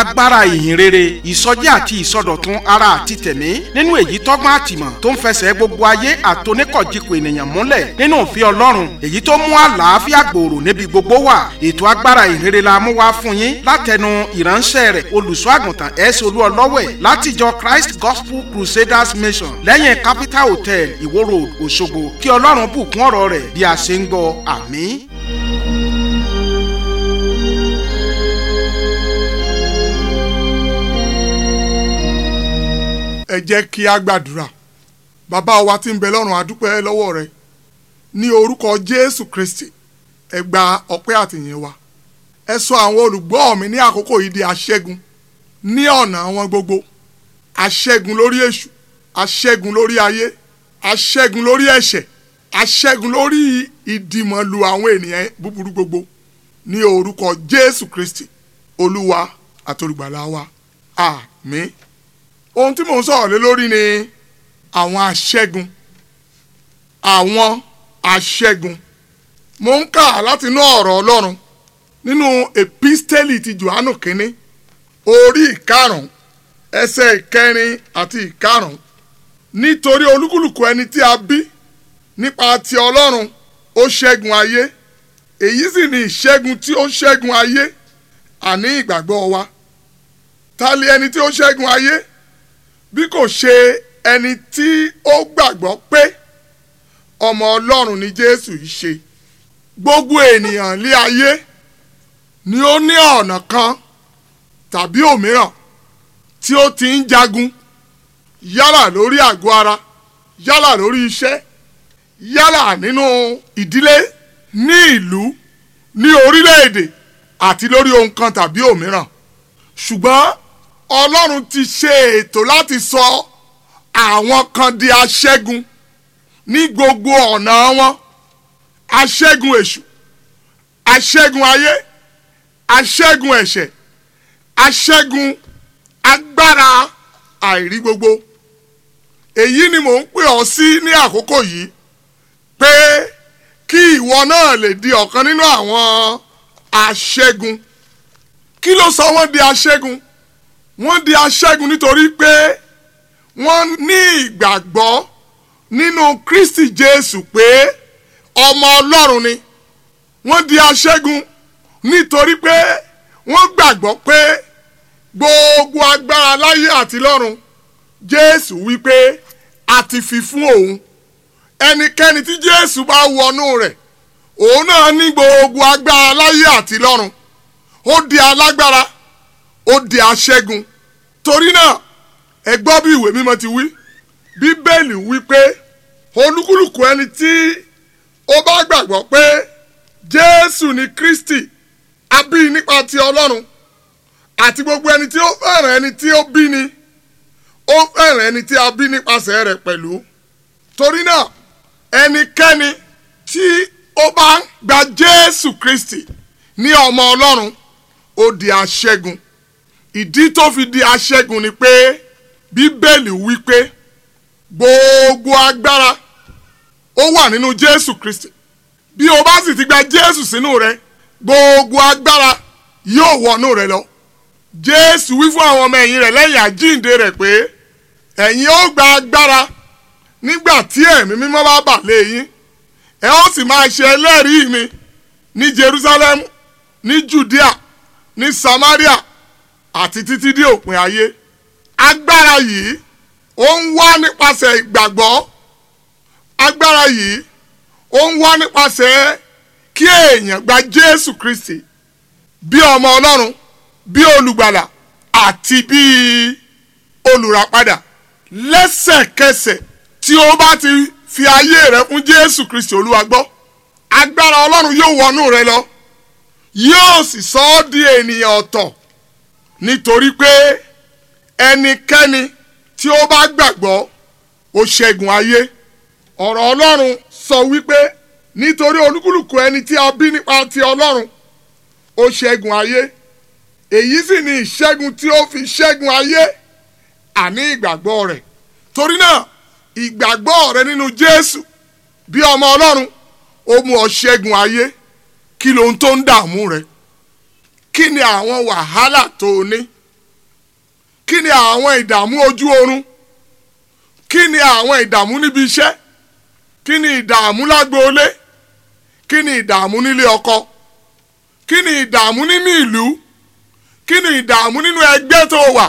agbára ìhìn rere ìsọjí àti ìsọdọ̀tun ara àti tẹ̀mí nínú èyí tọ́gbọ́n àtìmọ̀ tó ń fẹsẹ̀ gbogbo ayé àtoníkọ̀jìkọ̀ ènìyàn múlẹ̀ nínú òfin ọlọ́run èyí tó mú àlàáfíà gbòòrò níbi gbogbo wà ètò agbára ìhìn rere la mú wá fún yín látẹnu ìránṣẹ́ rẹ̀ olùṣọ́ àgùntàn ẹ̀ẹ́sì olú ọlọ́wẹ̀ látijọ́ Christ Gospel Crusaders Mission lẹ́yìn Capital Hotel Ìwó Road Òṣogbo kí ọlọ́run bùkún ọ̀rọ̀ rẹ̀ bí a ṣe ń gbọ́ àmín ẹ jẹ́ kí a gbàdúrà bàbá wa tí ń bẹ lọ́run adúpẹ́ lọ́wọ́ rẹ ní orúkọ jésù kristi ẹ gba ọpẹ́ àtìyìn wa ẹ sọ àwọn olùgbọ́ mi ní àkókò yìí di aṣẹ́gun ní ọ̀nà àwọn gbogbo aṣẹ́gun lórí èṣù aṣẹ́gun lórí ayé aṣẹ́gun lórí ẹ̀ṣẹ̀ aṣẹ́gun lórí ìdìmọ̀lù àwọn ènìyàn búburú gbogbo ní orúkọ jésù kristi olúwa àtolùgbàlà wa àmín. Ah, ohun tí mò ń sọ̀rọ̀ lé lórí ni àwọn aṣẹ́gun àwọn aṣẹ́gun mo ń kà láti inú ọ̀rọ̀ Ọlọ́run nínú epistẹ́lì ti Jòhánù kínní orí ìkarùn ẹsẹ̀ ìkẹrin àti ìkarùn nítorí olúkúlùkù ẹni tí a bí nípa ti Ọlọ́run ó ṣẹ́gun ayé èyí sì ni ìṣẹ́gun tí ó ṣẹ́gun ayé àní ìgbàgbọ́ wa ta lè ẹni tí ó ṣẹ́gun ayé bí kò ṣe ẹni tí ó gbàgbọ́ pé ọmọ ọlọ́run ni jésù yìí ṣe gbogbo ènìyàn lé ayé ni ó ní ọ̀nà kan tàbí òmíràn tí ó ti ń jagun yálà lórí àgọ́ ara yálà lórí iṣẹ́ yálà nínú ìdílé ní ìlú ní orílẹ̀-èdè àti lórí ohun kan tàbí òmíràn ṣùgbọ́n ọlọ́run ti ṣe ètò láti sọ àwọn kan di aṣẹ́gun ní gbogbo ọ̀nà wọn aṣẹ́gun èṣù aṣẹ́gun ayé aṣẹ́gun ẹ̀ṣẹ̀ aṣẹ́gun agbára àìrí gbogbo èyí ni mò ń pè ọ́ sí ní àkókò yìí pé kí ìwọ náà lè di ọ̀kan nínú àwọn aṣẹ́gun kí ló sọ wọ́n di aṣẹ́gun? wọ́n di aṣẹ́gun nítorí pé wọ́n ní ìgbàgbọ́ nínú Kristi Jésù pé ọmọ Ọlọ́run ni wọ́n di aṣẹ́gun nítorí pé wọ́n gbàgbọ́ pé gbogbo agbára láyé àti lọ́run Jésù wípé a ti fi fún òun ẹnikẹ́ni tí Jésù bá wọnú rẹ̀ òun náà ní gbogbo agbára láyé àti lọ́run ó di alágbára ó di aṣẹ́gun torí náà ẹ gbọ́ bí ìwé mímọ́ ti wí bíbélì wí pé olúkúlùkù ẹni tí ó bá gbàgbọ́ pé jésù ni kristi a nípa ti ọlọ́run àti gbogbo ẹni tí ó fẹ́ràn ẹni tí ó bí ni ó fẹ́ràn ẹni tí a bí nípasẹ̀ rẹ̀ pẹ̀lú torí náà ẹnikẹ́ni tí ó bá gba jésù kristi ní ọmọ ọlọ́run ó di aṣẹ́gun ìdí tó fi di aṣẹ́gun ni pé bíbélì wí pé gbogbo agbára ó wà nínú jésù kristi bí o bá sì ti gba jésù sínú rẹ gbogbo agbára yóò wọnú rẹ lọ jésù wí fún àwọn ọmọ ẹ̀yìn rẹ̀ lẹ́yìn àjíǹde rẹ̀ pé ẹ̀yin ó gba agbára nígbà tí ẹ̀mí mímọ́ bá bà lé yín ẹ ó sì máa ṣe ẹlẹ́rìí mi ní jerusalem ní judea ní samaria àti títí dé òpin ayé agbára yìí ó ń wá nípasẹ̀ ìgbàgbọ́ agbára yìí ó ń wá nípasẹ̀ kí èèyàn gba Jésù Kristi bí ọmọ Ọlọ́run bí olùgbàlà àti bí olùràpadà lẹ́sẹ̀kẹsẹ̀ tí o bá ti fi ayé rẹ fún Jésù Kristi Olúwa gbọ́ agbára Ọlọ́run yóò wọnú rẹ lọ yóò sì sọ ọ́ di ènìyàn ọ̀tọ̀ nítorí pé ẹnikẹ́ni tí ó bá gbàgbọ́ ó ṣẹ́gun ayé ọ̀rọ̀ ọlọ́run sọ wípé nítorí olúkúlùkù ẹni tí a bí nípa ti ọlọ́run ó ṣẹ́gun ayé èyí sì ni ìṣẹ́gun tí ó fi ṣẹ́gun ayé àní ìgbàgbọ́ rẹ̀ torí náà ìgbàgbọ́ rẹ nínú jésù bí ọmọ ọlọ́run ó mú ọ ṣẹ́gun ayé kí lohun tó ń dààmú rẹ kí ni àwọn wàhálà tó o ní kí ni àwọn ìdààmú ojú oorun kí ni àwọn ìdààmú níbi iṣẹ́ kí ni ìdààmú lágboolé kí ni ìdààmú nílé ọkọ kí ni ìdààmú nínú ìlú kí ni ìdààmú nínú ẹgbẹ́ tó wà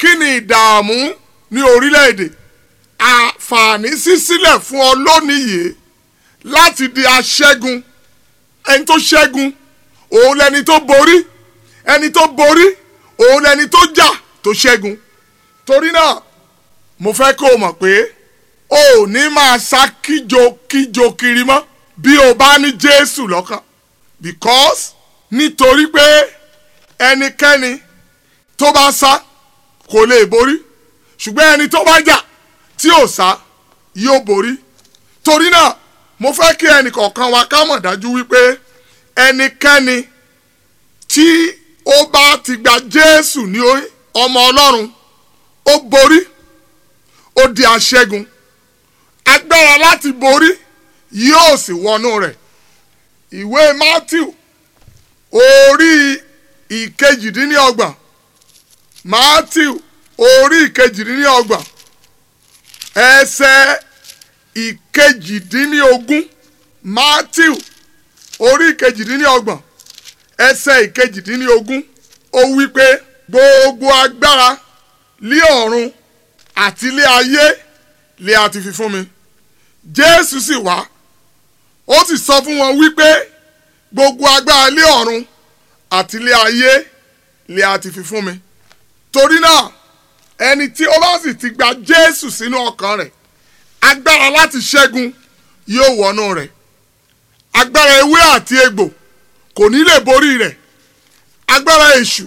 kí ni ìdààmú ní orílẹ̀-èdè àǹfààní sísílẹ̀ fún ọ lónìí yìí láti di aṣẹ́gun ẹni tó ṣẹ́gun òun lẹni tó borí ẹni tó borí òun lẹni tó jà tó ṣẹ́gun torí náà mo fẹ́ kó o mọ̀ pé o ò ní máa sá kíjo kíjo kiri mọ́ bí o bá ní Jésù lọ́kàn because nítorí pé ẹnikẹ́ni tó bá sá kò lè borí ṣùgbọ́n ẹni tó bá jà tí ò sá yóò borí torí náà mo fẹ́ kí eni wa ká mọ̀ dájú wípé ẹnikẹ́ni tí ó bá ti gba Jésù ní ọmọ Ọlọ́run ó borí ó di aṣẹ́gun agbára láti borí yóò sì wọnú rẹ̀ ìwé Matthew orí ìkejìdínlọ́gbọ̀n Matthew orí ìkejìdínlọ́gbọ̀n ẹsẹ̀ ìkejìdínlógún Matthew orí ìkejìdínlọ́gbọ̀n ẹsẹ̀ ìkejìdínlógún ó wí pé gbogbo agbára lé ọ̀run àti lé ayé lé a ti fi fún mi jésù sì wá ó sì sọ fún wọn wípé gbogbo agbára lé ọ̀run àti lé ayé lé a ti fi fún mi torí náà ẹni tí ó bá sì ti gba jésù sínú ọkàn rẹ̀ agbára láti ṣẹ́gun yóò wọnú rẹ̀ Agbara ewé àti egbò kò ní lè borí rẹ̀ agbára èṣù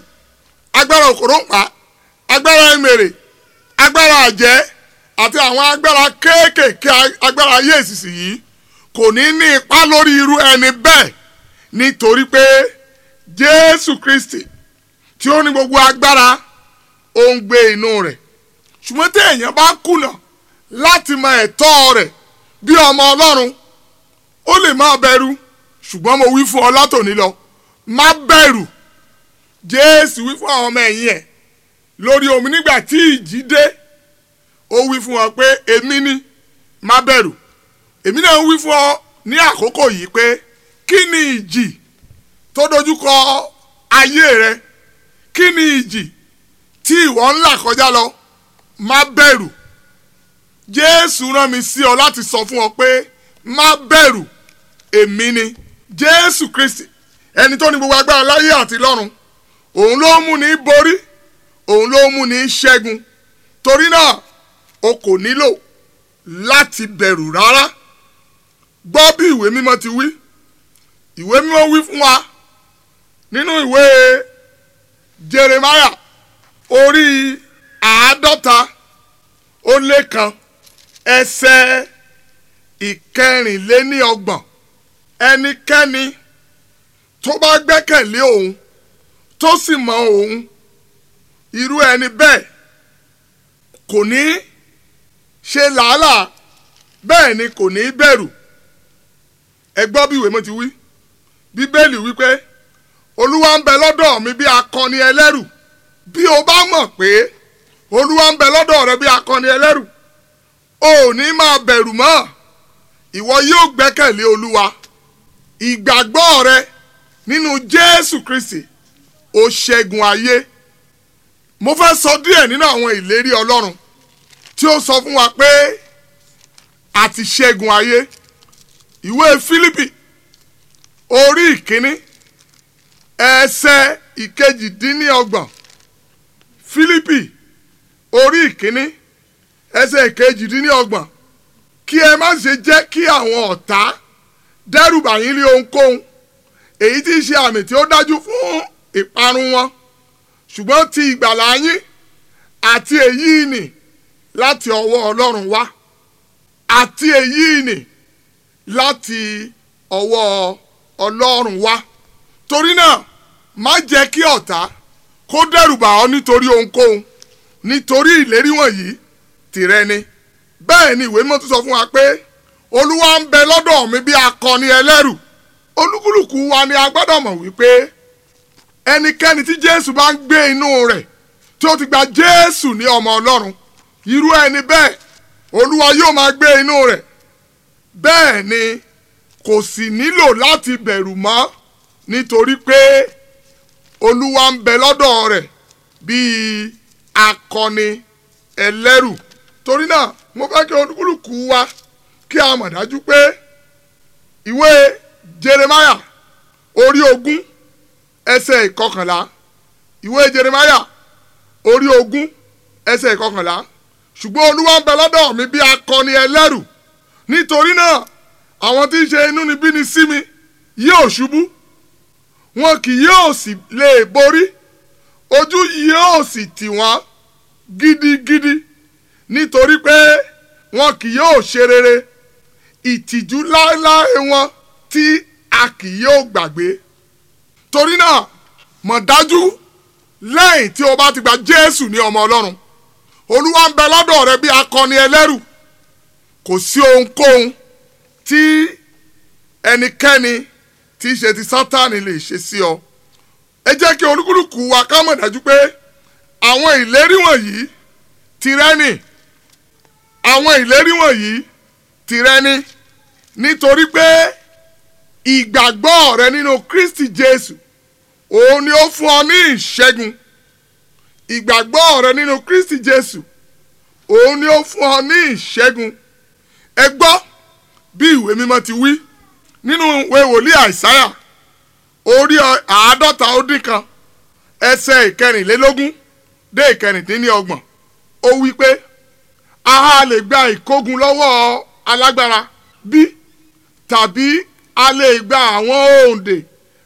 agbára òkòrópa agbára emèrè agbára àjẹ́ àti àwọn agbára kéékèèké agbára ayé ìsìsì yìí kò ní ní ipa lórí irú ẹni bẹ́ẹ̀ Kristi tí ó ní gbogbo agbára ó ń gbé inú rẹ̀ ṣùgbọ́n tí èèyàn bá kùnà láti mọ ẹ̀tọ́ rẹ̀ bí ọmọ Ọlọ́run ó lè má bẹ̀rù ṣùgbọ́n mo wí fún ọ látòní lọ má bẹ̀rù jésù wí fún àwọn ọmọ ẹ̀yìn ẹ̀ lórí omi nígbà tí ìjì dé ó wí fún wọn pé èmi ni má bẹ̀rù èmi náà wí fún ọ ní àkókò yìí pé kí ni ìjì tó dojúkọ ayé rẹ kí ni ìjì tí ìwọ ń kọjá lọ má bẹ̀rù jésù rán mi sí ọ láti sọ fún ọ pé má bẹ̀rù èmi ni jésù kristi ẹni tó ní gbogbo agbára láyé àti lọ́run òun ló mú ní borí òun ló mú ní ṣẹ́gun torí náà o kò nílò láti bẹ̀rù rárá gbọ́ bí ìwé mímọ́ ti wí ìwé mímọ́ wí fún wa nínú ìwé jeremiah orí àádọ́ta ó lé kan ẹsẹ̀ ìkẹrìnléní ẹnikẹ́ni tó bá gbẹ́kẹ̀lé òun tó sì mọ òun irú ẹni bẹ́ẹ̀ kò ní ṣe làálàá bẹ́ẹ̀ ni kò ní bẹ̀rù ẹ gbọ́ bí ìwé mo ti wí bíbélì wípé olúwa ń bẹ lọ́dọ̀ mi bí akọni ẹlẹ́rù bí o bá mọ̀ pé olúwa ń bẹ lọ́dọ̀ rẹ bí akọni ẹlẹ́rù o ò ní máa bẹ̀rù mọ́ ìwọ yóò gbẹ́kẹ̀lé olúwa ìgbàgbọ́ rẹ nínú Jésù Kristi ó ṣẹ́gun ayé mo fẹ́ sọ díẹ̀ nínú àwọn ìlérí Ọlọ́run tí ó sọ fún wa pé a ti ṣẹ́gun ayé ìwé Fílípì orí ìkíní ẹsẹ̀ ìkejìdínlọ́gbọ̀n Fílípì orí ìkíní ẹsẹ̀ ìkejìdínlọ́gbọ̀n kí ẹ má ṣe jẹ́ kí àwọn ọ̀tá dẹ́rùbà yín lé ohunkóhun èyí tí í ṣe àmì tí ó dájú fún ìparun wọn ṣùgbọ́n ti ìgbàlà yín àti èyí nì láti ọwọ́ ọlọ́run wá àti èyí nì láti ọwọ́ ọlọ́run wá torí náà má jẹ́ kí ọ̀tá kó dẹ́rùbà ọ́ nítorí ohunkóhun nítorí ìlérí wọ̀nyí tìrẹ ni bẹ́ẹ̀ ni ìwé mímọ́ sọ fún wa pé olúwa ń bẹ lọ́dọ̀ mi bí akọni ẹlẹ́rù olúkúlùkù wa ni a gbọ́dọ̀ mọ̀ wípé ẹnikẹ́ni tí jésù bá ń gbé inú rẹ̀ tí ó ti gba jésù ní ọmọ ọlọ́run irú ẹni bẹ́ẹ̀ olúwa yóò máa gbé inú rẹ̀ bẹ́ẹ̀ ni kò sì nílò láti bẹ̀rù mọ́ nítorí pé olúwa ń bẹ lọ́dọ̀ rẹ̀ bíi akọni ẹlẹ́rù torí náà mo fẹ́ kí olúkúlùkù wa kí a mọ̀ dájú pé ìwé Jeremiah orí ogún ẹsẹ̀ ìkọkànlá ìwé Jeremiah orí ogún ẹsẹ̀ ìkọkànlá ṣùgbọ́n olúwa ń bẹ lọ́dọ̀ mi bí akọni ẹlẹ́rù nítorí náà àwọn tí ń ṣe inúnibíni sí mi yóò ṣubú wọn kì yóò sì lè borí ojú yóò sì tì wọ́n gidigidi nítorí pé wọn kì yóò ṣe rere ìtìjú láéláé wọn tí a kì yóò gbàgbé torí náà mọ̀ dájú lẹ́yìn tí o bá ti gba Jésù ní ọmọ Ọlọ́run Olúwa ń bẹ lọ́dọ̀ rẹ bí akọni ẹlẹ́rù kò sí ohunkóhun tí ẹnikẹ́ni tí ṣe ti Sátánì lè ṣe sí ọ ẹ jẹ́ kí olúkúlùkù wa ká mọ̀ dájú pé àwọn ìlérí wọ̀nyí tirẹ̀ ni àwọn ìlérí wọ̀nyí tirẹ̀ ni nítorí pé ìgbàgbọ́ rẹ nínú Kristi Jésù òun ni ó fún ọ ní ìṣẹ́gun ìgbàgbọ́ rẹ nínú Kristi Jésù òun ni ó fún ọ ní ìṣẹ́gun ẹ gbọ́ bí ìwé mímọ́ ti wí nínú ìwé wòlíì Àìsáyà orí àádọ́ta ó dín kan ẹsẹ̀ ìkẹrìnlélógún dé ìkẹrìndínlọ́gbọ̀n ó wí pé a lè gba ìkógun lọ́wọ́ alágbára bí tàbí a lè gba àwọn òǹdè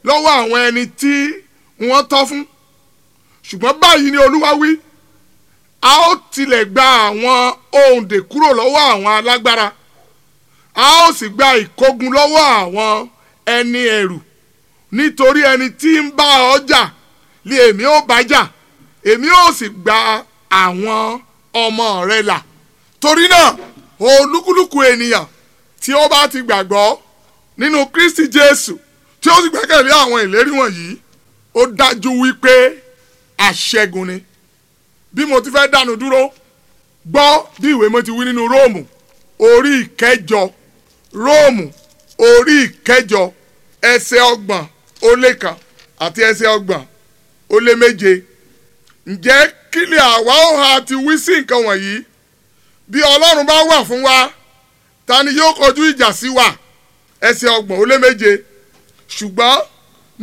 lọ́wọ́ àwọn ẹni tí wọ́n tọ́ fún ṣùgbọ́n báyìí ni olúwa wí a ó tilẹ̀ gba àwọn òǹdè kúrò lọ́wọ́ àwọn alágbára a ó sì gba ìkógun lọ́wọ́ àwọn ẹni ẹ̀rù nítorí ẹni tí ń bá ọ lé èmi ó bá èmi ó sì gba àwọn ọmọ rẹ là torí náà olúkúlùkù ènìyàn tí ó bá ti gbàgbọ́ nínú Kristi Jésù tí ó sì gbẹ́kẹ̀lé àwọn ìlérí wọ̀nyí ó dájú wípé àṣẹ́gun ni bí mo ti fẹ́ dánu dúró gbọ́ bí ìwé mo ti wí nínú Róòmù orí ìkẹjọ Róòmù orí ìkẹjọ ẹsẹ̀ ọgbọ̀n ó lé kan àti ẹsẹ̀ ọgbọ̀n ó lé méje ǹjẹ́ kí ni àwa ó ha ti wí sí nǹkan wọ̀nyí bí Ọlọ́run bá wà fún wa ta ni yóò kọjú ìjà sí wa ẹsẹ̀ ọgbọ̀n ó lé méje ṣùgbọ́n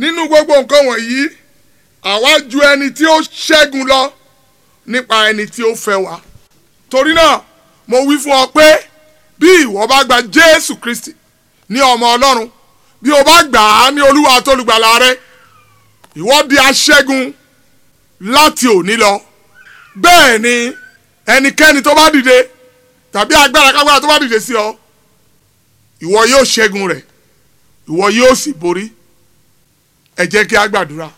nínú gbogbo nǹkan wọ̀nyí àwa ju ẹni tí ó ṣẹ́gun lọ nípa ẹni tí ó fẹ́ wa torí náà mo wí fún ọ pé bí ìwọ bá gba Jésù Kristi ní ọmọ Ọlọ́run bí o bá gbà á ní Olúwa àtolùgbàlà rẹ ìwọ di aṣẹ́gun láti òní lọ bẹ́ẹ̀ ni ẹnikẹ́ni tó bá dìde tàbí agbára kágbára tó bá dìde sí ọ ìwọ yóò ṣẹ́gun rẹ̀ ìwọ yóò sì borí ẹ jẹ́ kí a gbàdúrà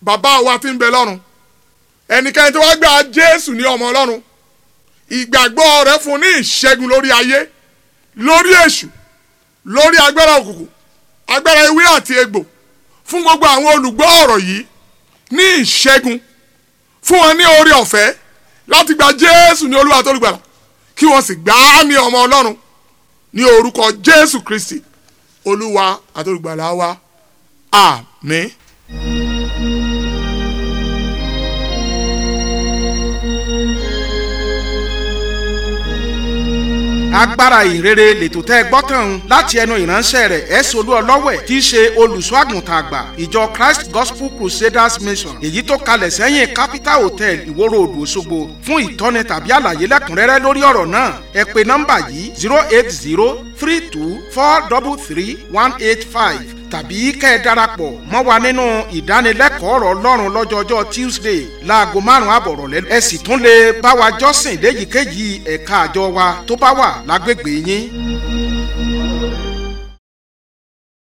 bàbá wa tí ń bẹ lọ́run ẹnikẹ́ni tó wá gba Jésù ní ọmọ Ọlọ́run ìgbàgbọ́ rẹ̀ fún ní ìṣẹ́gun lórí ayé lórí èṣù lórí agbára òkùnkùn agbára ewé àti egbò fún gbogbo àwọn olùgbọ́ ọ̀rọ̀ yìí ní ìṣẹ́gun fún wọn ní oore ọ̀fẹ́ láti gba Jésù ní Olúwa tó lùgbàlà kí wọ́n sì gbá àmì ọmọ ọlọ́run ní orúkọ jésù kristi olúwa àti wa àmín. agbára ìrere lètò tẹ́ gbọ́tàn láti ẹnu ìránṣẹ́ rẹ̀ ẹ̀sùn olú ọlọ́wẹ̀ tí í ṣe olùṣọ́ àgbà ìjọ Christ Gospel Crusaders Mission èyí tó kalẹ̀ sẹ́yìn Capital Hotel ìwòrò òdù Òṣogbo fún ìtọ́ni tàbí àlàyé lẹ́kùnrẹ́rẹ́ lórí ọ̀rọ̀ náà ẹ pe nọ́mbà yìí zero eight zero three two four double three one eight five tàbí kẹ́ ẹ darapọ̀ mọ́ wa nínú ìdánilẹ́kọ̀ọ́ ọ̀rọ̀ ọlọ́run lọ́jọọjọ́ tuesday láago márùn-ún àbọ̀rọ̀ lẹ́nu. ẹ sì tún lè bá wa jọ́sìn léyìíkéyìí ẹ̀ka àjọ wa tó bá wà lágbègbè yín.